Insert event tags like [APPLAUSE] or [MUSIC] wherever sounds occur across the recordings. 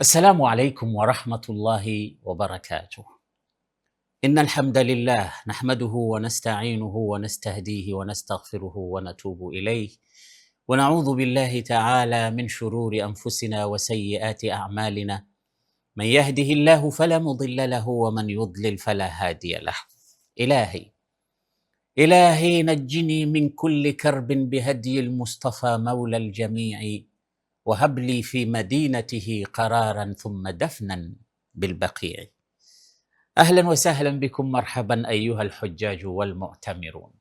السلام عليكم ورحمه الله وبركاته ان الحمد لله نحمده ونستعينه ونستهديه ونستغفره ونتوب اليه ونعوذ بالله تعالى من شرور انفسنا وسيئات اعمالنا من يهده الله فلا مضل له ومن يضلل فلا هادي له الهي الهي نجني من كل كرب بهدي المصطفى مولى الجميع وهب لي في مدينته قرارا ثم دفنا بالبقيع اهلا وسهla bikum marhaban ayuha lhujaju walmu'tamirun.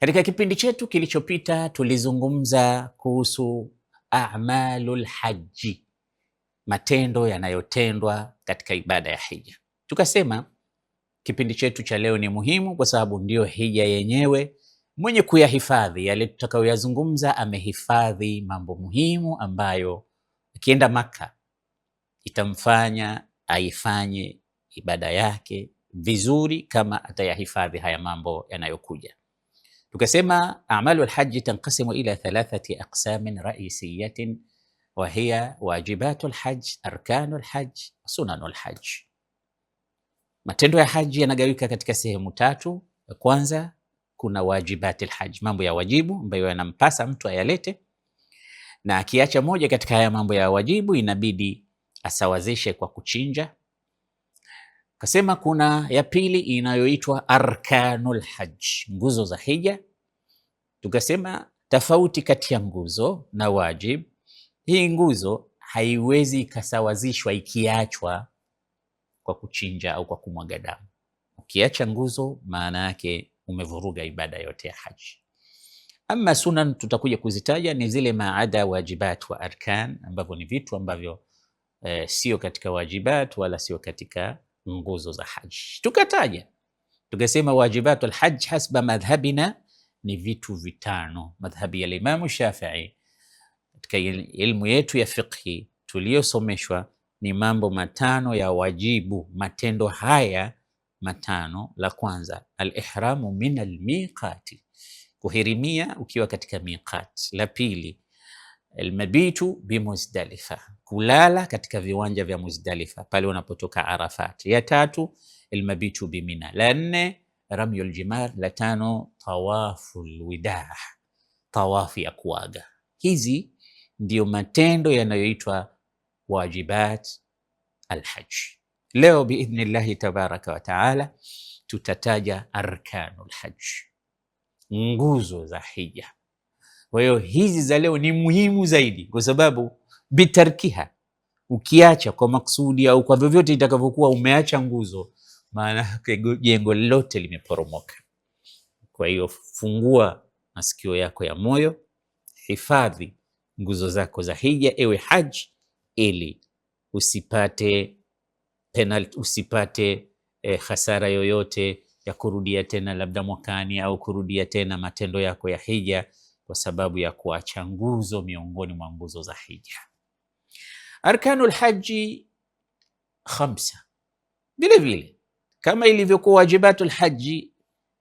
Katika kipindi chetu kilichopita tulizungumza kuhusu amalu lhaji, matendo yanayotendwa katika ibada ya hija. Tukasema kipindi chetu cha leo ni muhimu kwa sababu ndiyo hija yenyewe mwenye kuyahifadhi yale tutakayoyazungumza, amehifadhi mambo muhimu ambayo akienda Maka itamfanya aifanye ibada yake vizuri kama atayahifadhi haya mambo yanayokuja. Tukasema amalu alhaji tanqasimu ila thalathati aqsamin raisiyatin wa hiya wajibatu lhaji, arkanu lhaji, sunanu lhaji. Matendo ya haji yanagawika katika sehemu tatu. Ya kwanza kuna wajibati lhaj, mambo ya wajibu ambayo yanampasa mtu ayalete, na akiacha moja katika haya mambo ya wajibu inabidi asawazishe kwa kuchinja. Kasema kuna ya pili inayoitwa arkanul hajj, nguzo za hija. Tukasema tofauti kati ya nguzo na wajib, hii nguzo haiwezi ikasawazishwa ikiachwa kwa kuchinja au kwa kumwaga damu. Ukiacha nguzo, maana yake umevuruga ibada yote ya haji. Ama sunan tutakuja kuzitaja ni zile maada wajibat wa arkan, ambavyo ni vitu ambavyo e, sio katika wajibat wala sio katika nguzo za haji. Tukataja tukasema wajibat alhaj hasba madhhabina ni vitu vitano, madhhabi ya Imamu Shafii katika ilmu yetu ya fiqhi tuliyosomeshwa, ni mambo matano ya wajibu, matendo haya matano. La kwanza alihramu min almiqati, kuhirimia ukiwa katika miqat. La pili almabitu bimuzdalifa, kulala katika viwanja vya Muzdalifa pale unapotoka Arafat. Ya tatu almabitu bimina. La nne ramyul jimar. La tano tawafu widaa, tawafu ya kuaga. Hizi ndiyo matendo yanayoitwa wajibat alhaji. Leo biidhnillahi tabaraka wataala tutataja arkanu lhaji nguzo za hija. Kwa hiyo hizi za leo ni muhimu zaidi, kwa sababu bitarkiha, ukiacha kwa maksudi au kwa vyovyote itakavyokuwa, umeacha nguzo, maana yake jengo lote limeporomoka. Kwa hiyo fungua masikio yako ya moyo, hifadhi nguzo zako za hija, ewe haji, ili usipate penalty, usipate eh, hasara yoyote ya kurudia tena labda mwakani au kurudia tena matendo yako ya hija kwa sababu ya kuacha nguzo miongoni mwa nguzo za hija. Arkanul haji khamsa, vile vile kama ilivyokuwa wajibatul haji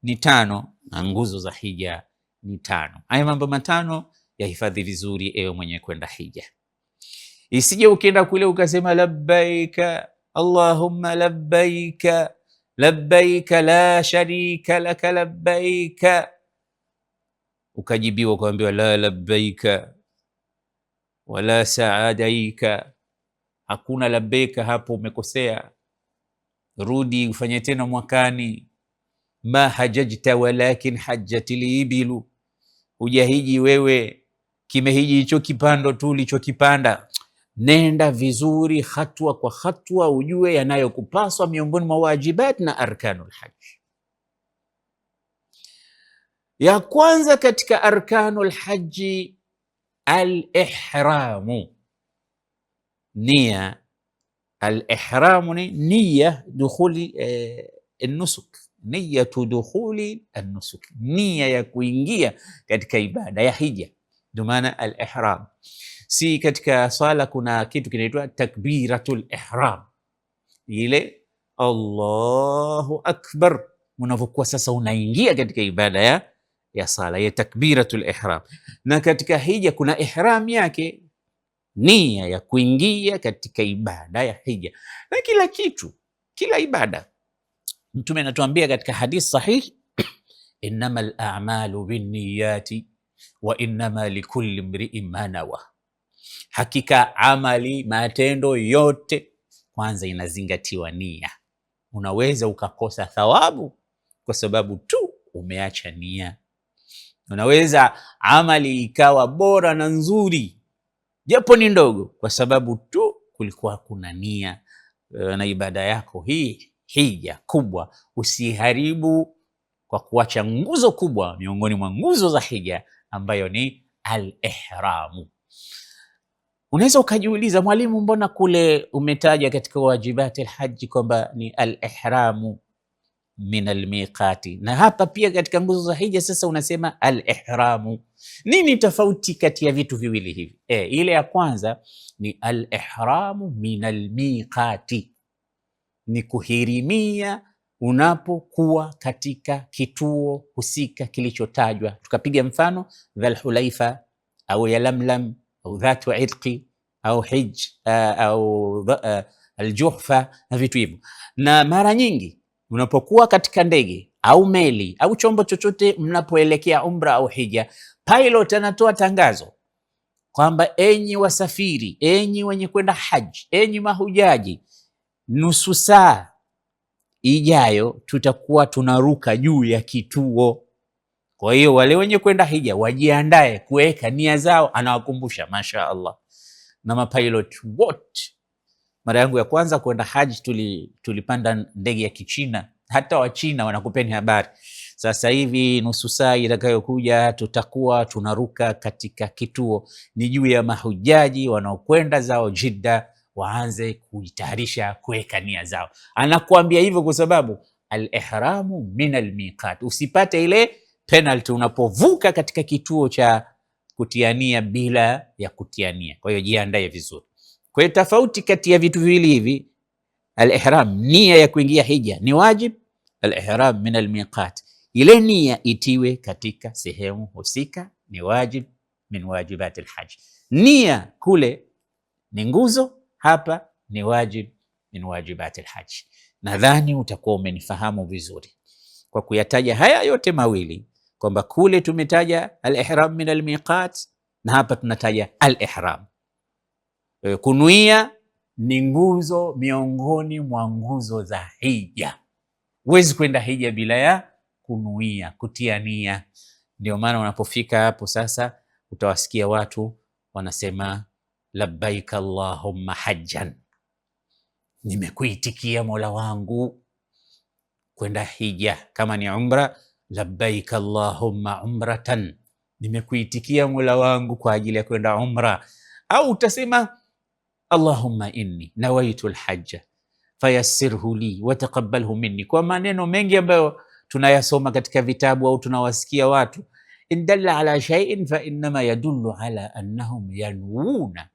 ni tano na nguzo za hija ni tano. Haya mambo matano yahifadhi vizuri, ewe mwenye kwenda hija, isije ukienda kule ukasema labbaika Allahumma labbaika labbaika la sharika laka labbaika, ukajibiwa ukaambiwa la labbaika wala saadaika, hakuna labbaika hapo, umekosea. Rudi ufanye tena mwakani. Ma hajajta walakin hajjatil ibilu, hujahiji wewe, kimehiji hicho kipando tu ulichokipanda Nenda vizuri hatua kwa hatua, ujue yanayokupaswa miongoni mwa wajibat na arkanul haji. Ya kwanza katika arkanul haji alihramu, nia. Alihramu ni niya dukhuli eh, nusuk niyatu dukhuli annusuk, nia ya kuingia katika ibada ya hija, ndio maana alihram. Si katika swala kuna kitu kinaitwa takbiratul ihram, ile Allahu akbar, unavyokuwa sasa unaingia katika ibada ya ya sala ya takbiratul ihram. Na katika hija kuna ihram yake, nia ya kuingia katika ibada ya hija, na kila kitu, kila ibada Mtume anatuambia katika hadithi sahih [CLEARS THROAT] innamal a'malu binniyati wa innama likulli imri'in ma nawa Hakika amali, matendo yote kwanza inazingatiwa nia. Unaweza ukakosa thawabu kwa sababu tu umeacha nia. Unaweza amali ikawa bora na nzuri, japo ni ndogo, kwa sababu tu kulikuwa kuna nia. Eh, na ibada yako hii hija kubwa usiharibu kwa kuacha nguzo kubwa miongoni mwa nguzo za hija ambayo ni al-ihramu. Unaweza ukajiuliza mwalimu, mbona kule umetaja katika wajibati alhaji kwamba ni alihramu min almiqati, na hapa pia katika nguzo za hija, sasa unasema alihramu. Nini tofauti kati ya vitu viwili hivi? E, ile ya kwanza ni alihramu min almiqati, ni kuhirimia unapokuwa katika kituo husika kilichotajwa. Tukapiga mfano dhalhulaifa au Yalamlam au dhatu itqi au hij au aljuhfa na vitu hivyo. Na mara nyingi unapokuwa katika ndege au meli au chombo chochote mnapoelekea umra au hija, pilot anatoa tangazo kwamba enyi wasafiri, enyi wenye kwenda haji, enyi mahujaji, nusu saa ijayo tutakuwa tunaruka juu ya kituo kwa hiyo wale wenye kwenda hija wajiandae kuweka nia zao, anawakumbusha masha Allah na mapilot wote. Mara yangu ya kwanza kwenda haji tuli, tulipanda ndege ya Kichina. Hata Wachina wanakupeni habari. Sasa hivi nusu saa itakayokuja tutakuwa tunaruka katika kituo, ni juu ya mahujaji wanaokwenda zao Jidda waanze kujitayarisha kuweka nia zao. Anakuambia hivyo kwa sababu al-ihramu min al-miqat, usipate ile penalty unapovuka katika kituo cha kutiania bila ya kutiania. Kwa hiyo jiandae vizuri. Kwa hiyo tofauti kati ya vitu viwili hivi, al-ihram, nia ya kuingia hija ni wajib, al-ihram min al-miqat, ile nia itiwe katika sehemu husika ni wajib min wajibat al-hajj. Nia kule ni nguzo, hapa ni wajib min wajibat al-hajj. Nadhani utakuwa umenifahamu vizuri kwa kuyataja haya yote mawili kwamba kule tumetaja al-ihram min al-miqat na hapa tunataja al-ihram. Eh, kunuia ni nguzo miongoni mwa nguzo za hija. Huwezi kwenda hija bila ya kunuia, kutia nia. Ndio maana unapofika hapo sasa utawasikia watu wanasema labbaik allahumma hajjan, nimekuitikia mola wangu kwenda hija, kama ni umra labbaik allahumma umratan, nimekuitikia Mola wangu kwa ajili ya kwenda umra. Au utasema allahumma inni nawaitu lhaja fayassirhu li wataqabbalhu minni, kwa maneno mengi ambayo tunayasoma katika vitabu au tunawasikia watu. in dalla ala shaiin fainnama innama yadullu ala annahum yanwuna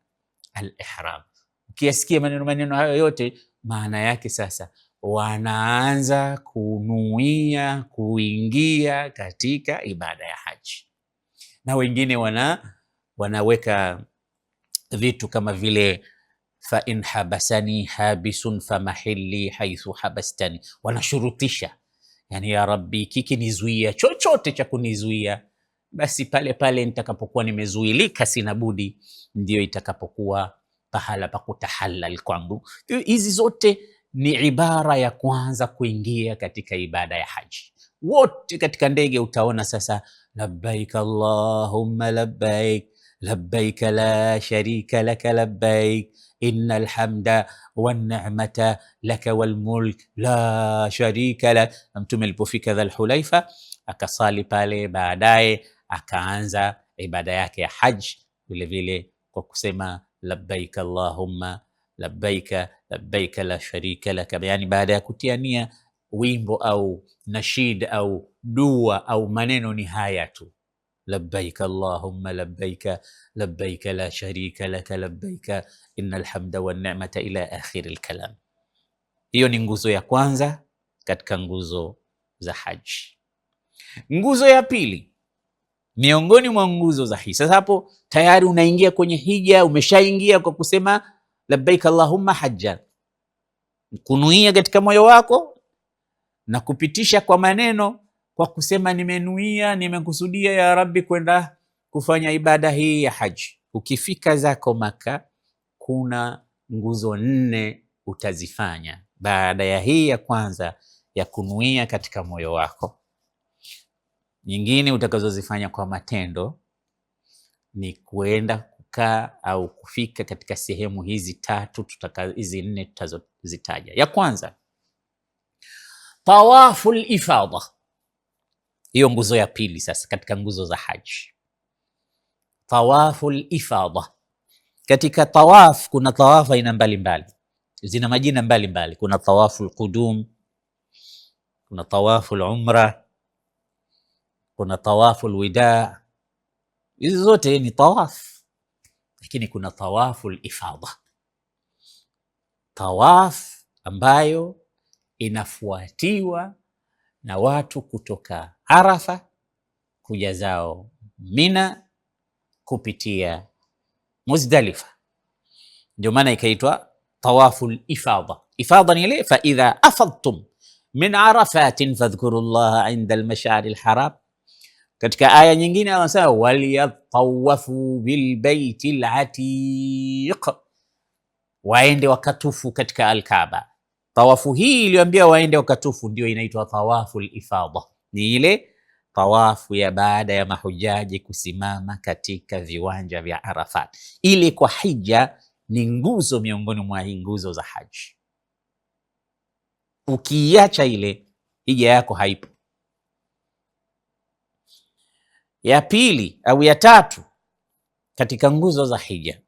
alihram. Ukiyasikia maneno maneno hayo yote, maana yake sasa wanaanza kunuia kuingia katika ibada ya haji, na wengine wana wanaweka vitu kama vile fa in habasani habisun famahili haithu habastani, wanashurutisha yani, ya Rabbi, kikinizuia chochote cha kunizuia basi pale pale nitakapokuwa nimezuilika, sina budi, ndio itakapokuwa pahala pa kutahalal kwangu. Hizi zote ni ibara ya kwanza kuingia katika ibada ya haji. Wote katika ndege utaona sasa, labbaik allahumma labbaik labbaik la sharika laka labbaik innal inna alhamda wannicmata laka mulk la sharika lak. Mtume alipofika dhal hulaifa akasali pale, baadaye akaanza ibada yake ya haji vilevile kwa kusema labbaik allahumma labbaika labbaika la sharika laka, yani baada ya kutia nia wimbo au nashid au dua au maneno ni haya tu, labbaika allahumma labbaika labbaika la sharika laka labbaika innal hamda wan ni'mata ila akhir alkalam. Hiyo ni nguzo ya kwanza katika nguzo za haji. Nguzo ya pili miongoni mwa nguzo za hija. Sasa hapo tayari unaingia kwenye hija, umeshaingia kwa kusema labbaik allahumma hajja, kunuia katika moyo wako na kupitisha kwa maneno, kwa kusema nimenuia, nimekusudia ya Rabbi kwenda kufanya ibada hii ya haji. Ukifika zako Maka, kuna nguzo nne utazifanya baada ya hii ya kwanza ya kunuia katika moyo wako. Nyingine utakazozifanya kwa matendo ni kuenda kukaa au kufika katika sehemu hizi tatu tutaka, hizi nne tutazozitaja. Ya kwanza tawafu ifadha, hiyo nguzo ya pili. Sasa katika nguzo za haji tawafu ifadha, katika tawaf kuna tawafu aina mbalimbali, zina majina mbalimbali. Kuna tawafu qudum, kuna tawafu lumra kuna tawafu lwida Hizi zote ni tawaf lakini kuna tawafu lifadha, tawaf ambayo inafuatiwa na watu kutoka Arafa kuja zao Mina kupitia Muzdalifa, ndio maana ikaitwa tawafu lifadha. Ifadha ni ile faidha afadtum min arafatin fadhkuru llaha inda lmashari lharam Katika aya nyingine anasema waliyatawafu bilbaiti latiq, waende wakatufu katika alkaba Tawafu hii iliyoambia waende wakatufu ndio inaitwa tawafu lifada ni ile tawafu ya baada ya mahujaji kusimama katika viwanja vya Arafat. Ile kwa hija ni nguzo miongoni mwa nguzo za haji. Ukiiacha ile hija yako haipo. ya pili au ya tatu katika nguzo za hija,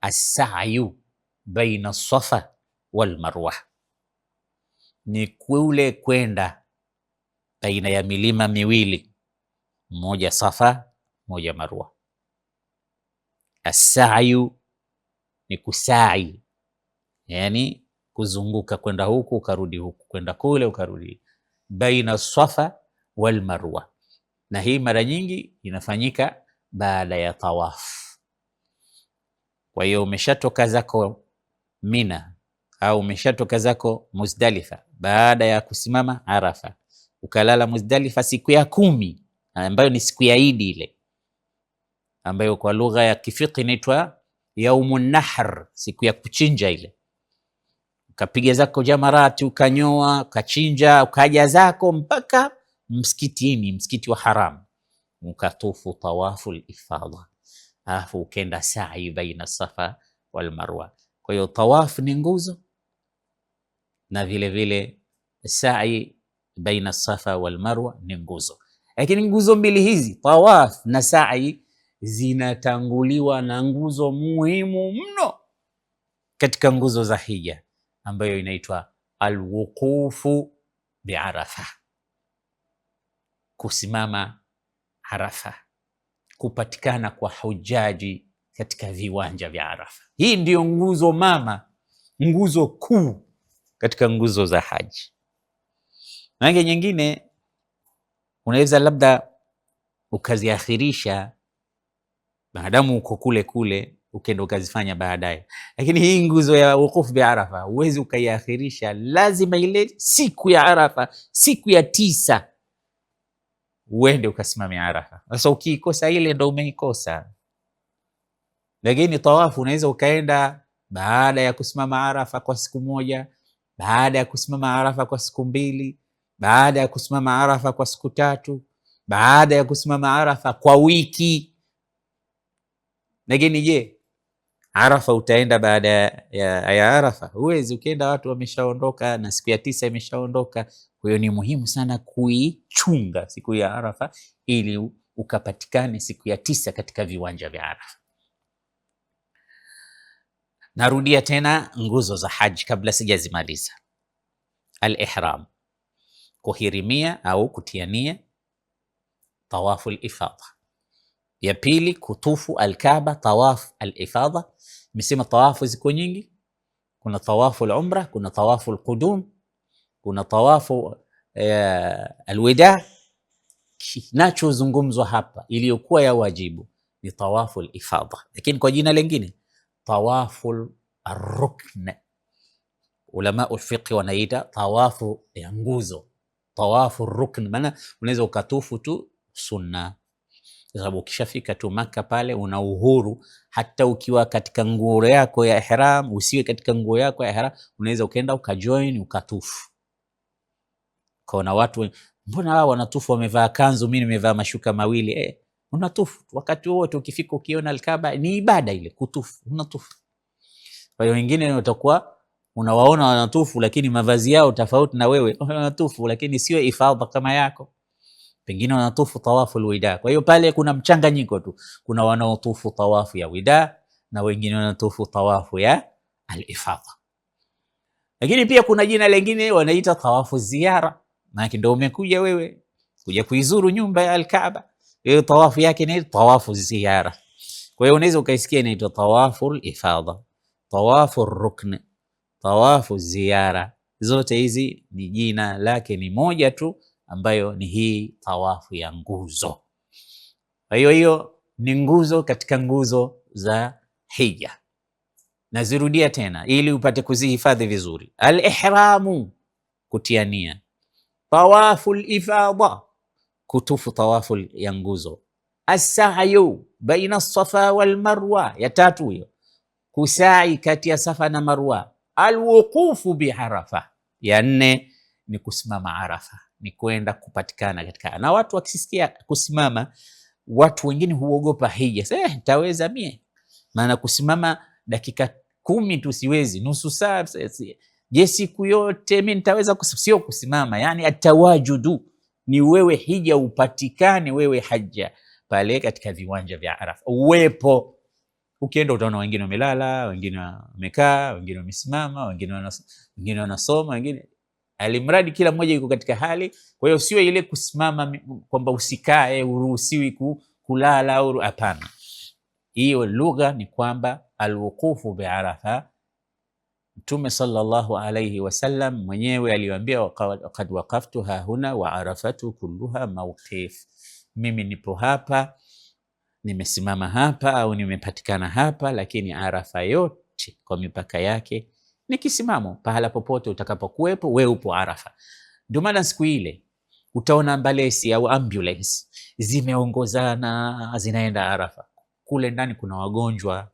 asayu baina safa wal marwa, ni kule kwenda baina ya milima miwili, moja safa, moja marwa. Asayu ni kusai, yani kuzunguka kwenda huku ukarudi huku, kwenda kule ukarudi, baina safa wal marwa na hii mara nyingi inafanyika baada ya tawaf. Kwa hiyo umeshatoka zako Mina au umeshatoka zako Muzdalifa, baada ya kusimama Arafa ukalala Muzdalifa siku ya kumi ambayo ni siku ya Idi ile ambayo kwa lugha ya kifiki inaitwa yaumu nahr, siku ya kuchinja ile. Ukapiga zako jamarati, ukanyoa, ukachinja, ukaja zako mpaka msikitini, msikiti wa haram, mkatufu tawafu lifadha, alafu ukenda sa'i baina safa wal marwa. Kwa hiyo tawafu ni nguzo na vilevile sa'i baina safa wal marwa ni nguzo, lakini nguzo mbili hizi tawaf na sa'i zinatanguliwa na nguzo muhimu mno katika nguzo za hija ambayo inaitwa alwuqufu biarafa kusimama Arafa, kupatikana kwa hujaji katika viwanja vya Arafa. Hii ndiyo nguzo mama, nguzo kuu katika nguzo za haji. Nange nyingine unaweza labda ukaziakhirisha maadamu uko kule kule ukenda ukazifanya baadaye, lakini hii nguzo ya wukufu bi Arafa huwezi ukaiakhirisha, lazima ile siku ya Arafa, siku ya tisa uende ukasimamia araka. Sasa ukiikosa ile ndo umeikosa, lakini tawafu unaweza ukaenda baada ya kusimama Arafa kwa siku moja, baada ya kusimama Arafa kwa siku mbili, baada ya kusimama Arafa kwa siku tatu, baada ya kusimama Arafa kwa wiki. Lakini je, Arafa utaenda baada ya, ya Arafa? Huwezi ukienda, watu wameshaondoka na siku ya tisa imeshaondoka. Kwa hiyo ni muhimu sana kuichunga siku ya Arafa ili ukapatikane siku ya tisa katika viwanja vya Arafa. Narudia tena nguzo za haji kabla sijazimaliza: al-ihram, kuhirimia au kutiania, tawafu al-ifadha ya pili kutufu alkaba tawafu alifadha. Imesema tawafu ziko nyingi, kuna tawafu alumra, kuna tawafu alqudum, kuna tawafu eh, alwida. Kinachozungumzwa hapa iliyokuwa ya wajibu ni tawafu alifadha, lakini kwa jina lingine tawafu alrukn. Ulama alfiqh wanaita tawafu ya nguzo, tawafu alrukn. Maana unaweza ukatufu tu sunna kwa sababu ukishafika tu Maka pale una uhuru, hata ukiwa katika nguo yako ya ihram, usiwe katika nguo yako ya ihram, unaweza ukaenda ukajoin ukatufu. Kaona watu, mbona wao wanatufu wamevaa kanzu, mimi nimevaa mashuka mawili eh, unatufu wakati wote. Ukifika ukiona Alkaba ni ibada ile, kutufu, unatufu. Kwa hiyo wengine utakuwa unawaona wanatufu, lakini mavazi yao tofauti na wewe. Wanatufu [LAUGHS] lakini sio ifadha kama yako pengine wanatufu tawafu alwida. Kwa hiyo pale kuna mchanganyiko tu, kuna wanaotufu tawafu ya wida na wengine wanatufu tawafu ya alifadha. Lakini pia kuna jina lingine wanaita tawafu ziara, maana ndio umekuja wewe kuja kuizuru nyumba ya Alkaaba. Hiyo tawafu yake ni tawafu ziara. Kwa hiyo unaweza ukaisikia inaitwa tawafu alifadha, tawafu rukn, tawafu ziara. Zote hizi ni jina lake ni moja tu ambayo ni hii tawafu ya nguzo. Kwa hiyo hiyo ni nguzo katika nguzo za hija. Nazirudia tena ili upate kuzihifadhi vizuri: alihramu, ihramu kutiania; tawafu al-ifada, kutufu tawafu ya nguzo; as-sa'yu baina safa walmarwa, ya tatu hiyo kusai kati ya safa na marwa; alwuqufu biarafa, ya nne ni kusimama Arafa ni kwenda kupatikana katika, na watu wakisikia kusimama, watu wengine huogopa hija. Sasa eh, taweza mie, maana kusimama dakika kumi tu siwezi, nusu saa, je, siku yote mimi nitaweza? Sio kusimama, yani atawajudu ni wewe, hija upatikane wewe haja pale katika viwanja vya Arafa uwepo. Ukienda utaona wengine wamelala, wengine wamekaa, wengine wamesimama, wengine wanasoma, wengine alimradi kila mmoja yuko katika hali. Kwa hiyo sio ile kusimama kwamba usikae, uruhusiwi kulala au hapana. Hiyo lugha ni kwamba alwuqufu bi Arafa. Mtume sallallahu alayhi wasallam mwenyewe aliwaambia, waqad waqaftu hahuna wa arafatu kulluha mawqif, mimi nipo hapa, nimesimama hapa au nimepatikana hapa, lakini Arafa yote kwa mipaka yake ni kisimamo. Pahala popote utakapokuwepo, we upo Arafa. Ndio maana siku ile utaona mbalesi au ambulance zimeongozana zinaenda Arafa. Kule ndani kuna wagonjwa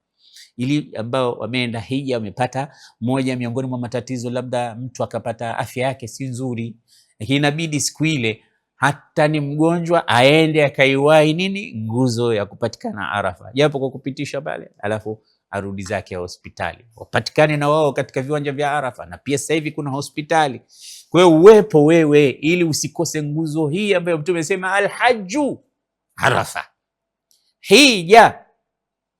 ili ambao wameenda hija wamepata moja miongoni mwa matatizo, labda mtu akapata afya yake si nzuri, lakini inabidi siku ile hata ni mgonjwa aende akaiwahi nini nguzo ya kupatikana Arafa, japo kwa kupitisha pale, alafu arudi zake ya hospitali, wapatikane na wao katika viwanja vya Arafa, na pia sasa hivi kuna hospitali. Kwa hiyo uwepo wewe, ili usikose nguzo hii ambayo Mtume amesema alhaju Arafa, hija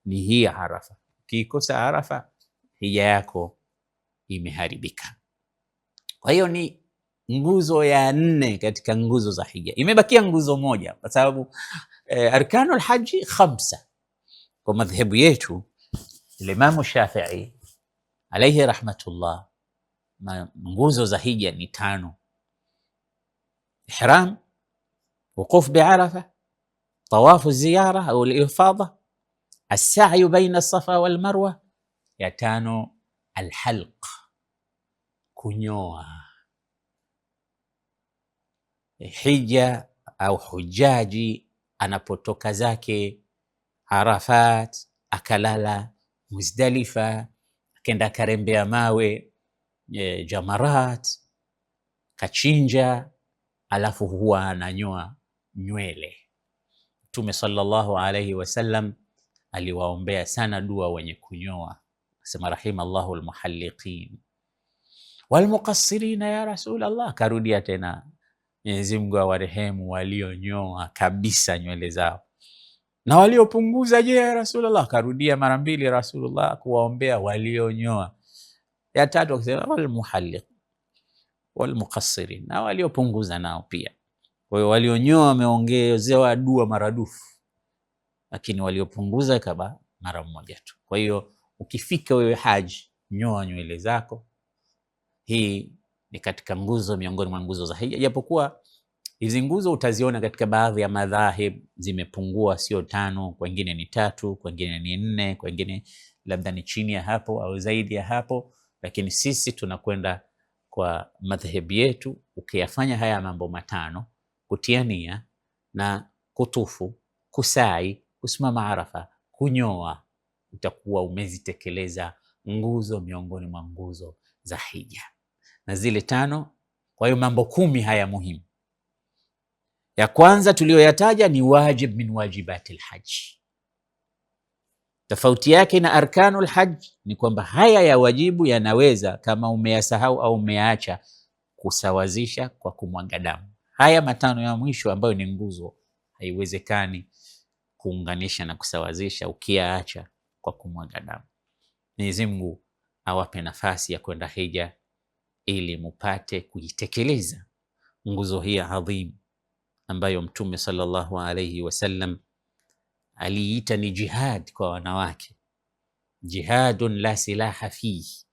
ni hii Arafa. Ukiikosa Arafa, hija yako imeharibika. Kwa hiyo ni nguzo ya nne katika nguzo za hija. Imebakia nguzo moja, kwa sababu eh, arkanul haji khamsa kwa madhehebu yetu الإمام الشافعي عليه رحمة الله ما منقوزه زهية نتانو يعني إحرام وقوف بعرفة طواف الزيارة أو الإفاضة السعي بين الصفا والمروة يتانو الحلق كنيوة حجة أو حجاجي أنا بوتوكازاكي عرفات أكلالا Muzdalifa, akenda akarembea mawe e, Jamarat, kachinja, alafu huwa ananyoa nywele. Mtume sallallahu alayhi wasallam aliwaombea sana dua wenye kunyoa, asema rahima llahu lmuhaliqin walmuqassirina ya rasul Akarudia tena Mwenyezi Mungu awarehemu walionyoa kabisa nywele zao na waliopunguza, je, ya Rasulullah? Karudia mara mbili Rasulullah kuwaombea walionyoa. Ya tatu akisema walmuhalliq walmuqassirin, na waliopunguza nao pia. Kwa hiyo walionyoa wameongezewa dua maradufu, lakini waliopunguza kaba mara moja tu. Kwa hiyo ukifika wewe haji, nyoa nywele zako. Hii ni katika nguzo miongoni mwa nguzo za hija, japokuwa Hizi nguzo utaziona katika baadhi ya madhahib zimepungua, sio tano, kwengine ni tatu, kwengine ni nne, kwengine labda ni chini ya hapo au zaidi ya hapo, lakini sisi tunakwenda kwa madhehebu yetu. Ukiyafanya haya mambo matano, kutiania na kutufu, kusai, kusimama Arafa, kunyoa, utakuwa umezitekeleza nguzo miongoni mwa nguzo za hija na zile tano. Kwa hiyo mambo kumi haya muhimu ya kwanza tuliyoyataja ni wajib min wajibati lhaji. Tofauti yake na arkanu lhaji ni kwamba haya ya wajibu yanaweza, kama umeyasahau au umeyaacha, kusawazisha kwa kumwaga damu. Haya matano ya mwisho ambayo ni nguzo, haiwezekani kuunganisha na kusawazisha ukiyaacha kwa kumwaga damu. Mwenyezi Mungu awape nafasi ya kwenda hija ili mupate kuitekeleza nguzo hii adhimu ambayo Mtume sallallahu alaihi wasallam aliita ni jihad kwa wanawake, jihadun la silaha fihi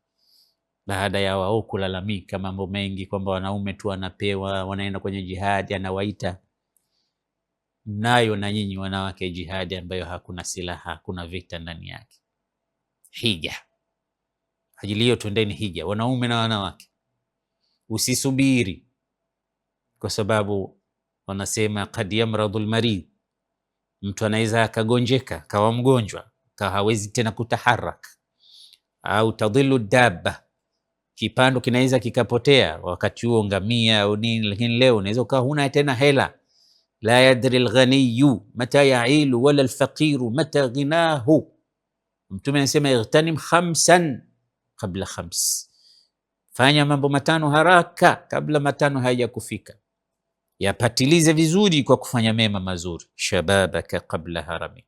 baada ya wao kulalamika mambo mengi kwamba wanaume tu wanapewa wanaenda kwenye jihadi, anawaita nayo na nyinyi wanawake jihadi ambayo hakuna silaha, hakuna vita ndani yake. Hija ajili hiyo, twendeni hija, wanaume na wanawake. Usisubiri kwa sababu wanasema kad yamradu lmarid, mtu anaweza akagonjeka kawa mgonjwa ka hawezi tena kutaharaka, au tadhilu dabba, kipando kinaweza kikapotea, wakati huo ngamia au nini. Lakini leo unaweza ukawa huna tena hela. la yadri lghaniyu mata yailu wala lfaqiru mata ghinahu. Mtume anasema igtanim khamsan qabla khams, fanya mambo matano haraka kabla matano hayajakufika yapatilize vizuri kwa kufanya mema mazuri. Shababaka kabla haramik,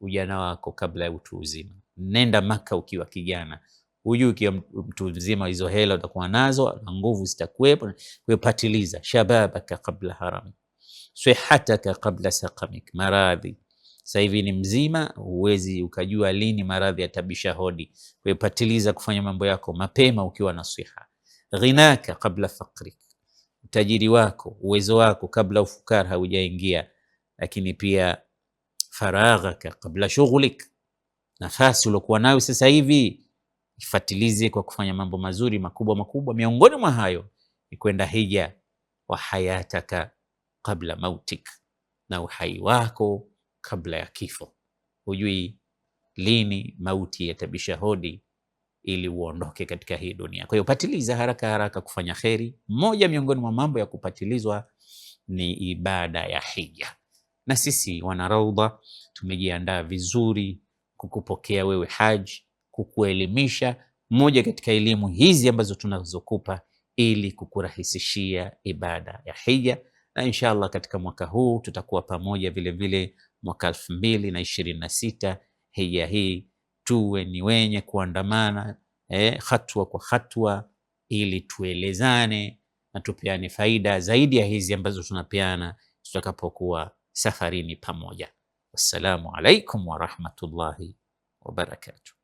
ujana wako kabla ya utu uzima. Nenda Maka ukiwa kijana, huyu ukiwa mtu mzima, hizo hela utakuwa nazo na nguvu zitakuwepo. Yapatiliza shababaka kabla haramik, sihataka kabla sakamik, maradhi sasa hivi ni mzima, huwezi ukajua lini maradhi yatabisha hodi. Kuipatiliza kufanya mambo yako mapema ukiwa na siha. Ghinaka kabla fakrik, utajiri wako, uwezo wako kabla ufukar haujaingia, lakini pia faraghaka kabla shughulik nafasi uliokuwa nayo sasa hivi ifatilize kwa kufanya mambo mazuri makubwa makubwa. Miongoni mwa hayo ni kwenda hija, wa hayataka kabla mautik, na uhai wako kabla ya kifo. Hujui lini mauti yatabisha hodi ili uondoke katika hii dunia. Kwa hiyo patiliza haraka haraka kufanya kheri. Moja miongoni mwa mambo ya kupatilizwa ni ibada ya hija, na sisi wana Raudha tumejiandaa vizuri kukupokea wewe haji, kukuelimisha. Moja katika elimu hizi ambazo tunazokupa ili kukurahisishia ibada ya hija, na insha Allah katika mwaka huu tutakuwa pamoja vilevile, mwaka elfu mbili na ishirini na sita hija hii tuwe ni wenye kuandamana eh, hatua kwa hatua, ili tuelezane na tupeane faida zaidi ya hizi ambazo tunapeana tutakapokuwa safarini pamoja. Wassalamu alaikum warahmatullahi wabarakatuh.